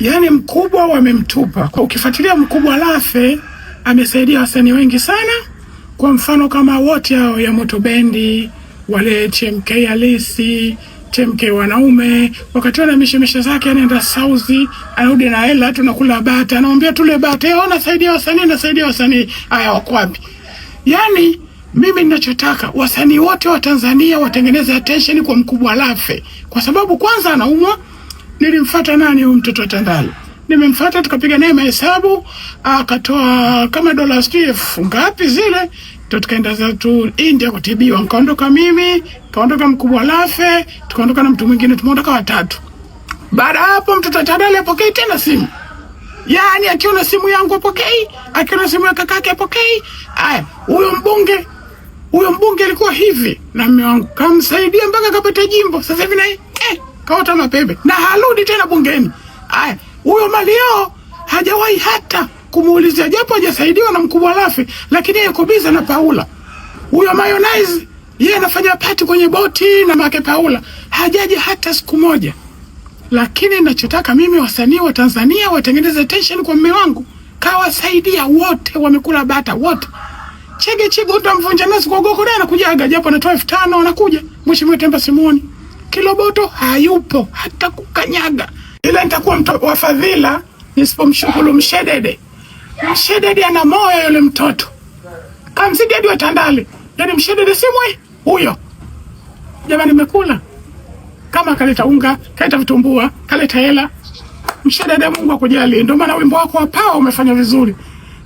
yaani mkubwa wamemtupa. Kwa ukifuatilia mkubwa Lafe amesaidia wasanii wengi sana, kwa mfano kama wote hao ya Moto Bendi wale TMK halisi TMK wanaume, wakati wana mishemishe zake, anaenda yaani sauzi, anarudi na hela, tunakula bata, anamwambia tule bata, yeye eh, anasaidia wasanii, anasaidia wasanii. Haya, wako wapi? Yaani mimi ninachotaka wasanii wote wa Tanzania watengeneze attention kwa mkubwa Lafe, kwa sababu kwanza anaumwa nilimfuata nani huyu mtoto wa Tandale? Nimemfuata tukapiga naye mahesabu, akatoa kama dola sijui elfu ngapi zile, ndo tukaenda zetu India kutibiwa. Nikaondoka mimi, kaondoka mkubwa Lafe, tukaondoka na mtu mwingine, tumeondoka watatu. Baada hapo mtoto wa Tandale apokei tena simu Yaani akiona simu yangu apokei, akiona simu ya kakake apokei. Aya, huyo mbunge, huyo mbunge alikuwa hivi na mume wangu, kamsaidia mpaka akapata jimbo. Sasa hivi naye kaota mapembe na harudi tena bungeni. Aya, huyo Mario hajawahi hata kumuulizia, japo hajasaidiwa na mkubwa Lafi, lakini yeye kubiza na Paula. Huyo Mayonnaise yeye anafanya pati kwenye boti na make Paula, hajaji hata siku moja. Lakini ninachotaka mimi, wasanii wa Tanzania watengeneze tension kwa mume wangu, kawasaidia wote, wamekula bata wote. Chege ndo utamvunja nasi kwa gogo, naye anakujaga, japo anatoa elfu tano anakuja. Mheshimiwa Temba Simoni Kiloboto hayupo hata kukanyaga, ila nitakuwa mtu wa fadhila nisipomshukuru Mshedede. Mshedede ana moyo yule mtoto, kamzidi hadi Watandale. Yani Mshedede simwe huyo jamani, nimekula kama kaleta unga, kaleta vitumbua, kaleta hela. Mshedede, Mungu akujalie. Ndio maana wimbo wako wa pao umefanya vizuri,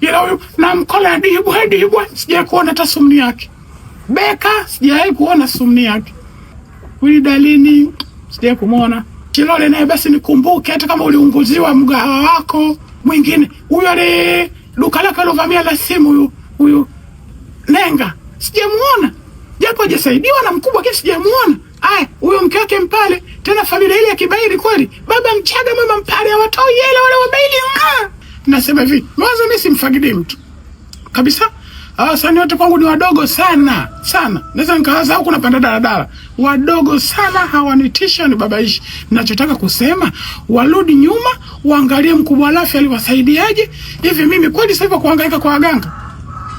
ila huyu na mkola adibwa adibwa, sijawahi kuona hata sumni yake. Beka sijawahi kuona sumni yake. Huyu dalini sija kumwona. Kilole naye basi nikumbuke, hata kama uliunguziwa mgahawa wako mwingine, huyo ali duka lake alovamia la simu, huyu huyu Nenga sijamuona, japo ajasaidiwa na mkubwa, lakini sijamuona. Aya, huyo mke wake Mpale, tena familia ile ya Kibaili kweli, baba Mchaga, mama Mpale, hawatoi hela wala Wabaili. Ah! Nasema hivi, mwanzo mimi simfagidi mtu kabisa Ah, wasanii wote kwangu ni wadogo sana sana, naweza nikawaza huku napanda daladala, wadogo sana, hawanitishi babaishi. Ninachotaka kusema warudi nyuma, waangalie mkubwa alafu aliwasaidiaje. Hivi mimi kweli sasa hivi kuhangaika kwa waganga,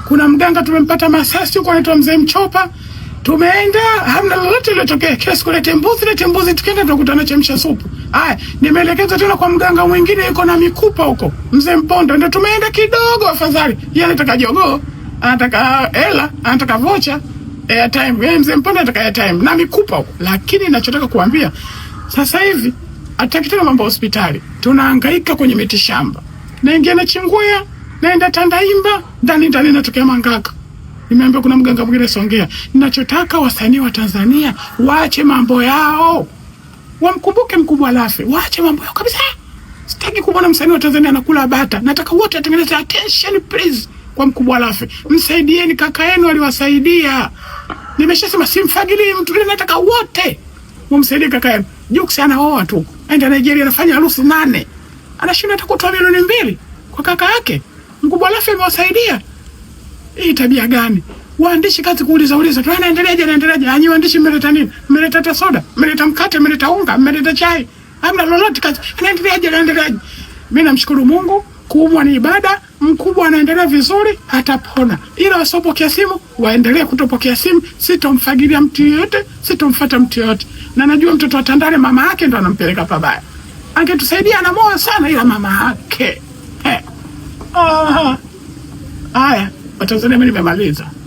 kuna mganga tumempata Masasi huko anaitwa Mzee Mchopa, tumeenda hamna lolote lilotokea. Kesi kulete mbuzi, lete mbuzi, tukaenda na chemsha supu. Haya, nimeelekeza tena kwa mganga mwingine yuko na mikupa huko Mzee Mpondo, ndio tumeenda kidogo, afadhali yeye anataka jogoo anataka hela, anataka vocha airtime. Yeye mzee mpana anataka airtime na mikupa huko, lakini ninachotaka kuambia sasa hivi ataki tena mambo hospitali, tunahangaika kwenye miti shamba, naingia na chingwea, naenda Tandaimba, ndani ndani natokea Mangaka. Nimeambia kuna mganga mwingine Songea. Ninachotaka wasanii wa Tanzania waache mambo yao, wamkumbuke mkubwa Lafe, waache mambo yao kabisa. Sitaki kumwona msanii wa Tanzania anakula bata. Nataka wote atengeneze attention please kwa mkubwa alafe. Msaidieni kaka yenu aliwasaidia. Nimeshasema simfagili mtu ile, nataka wote mumsaidie kaka yenu. Jux anaoa tu. Aenda Nigeria anafanya harusi nane. Anashinda atakutoa milioni mbili kwa kaka yake. Mkubwa alafe amewasaidia. Hii tabia gani? Waandishi kazi kuuliza uliza tu anaendeleaje, anaendeleaje? Anyi waandishi mmeleta nini? Mmeleta hata soda, mmeleta mkate, mmeleta unga, mmeleta chai. Hamna lolote kazi. Anaendeleaje, anaendeleaje? Mimi namshukuru Mungu, kuumwa ni ibada mkubwa anaendelea vizuri, atapona. Ila wasiopokea simu waendelee kutopokea simu. Sitomfagilia mtu yoyote, sitomfata mtu yoyote, na najua mtoto wa Tandale mama yake ndo anampeleka pabaya. Angetusaidia anamoa sana, ila mama yake. Haya Watanzania, mi nimemaliza.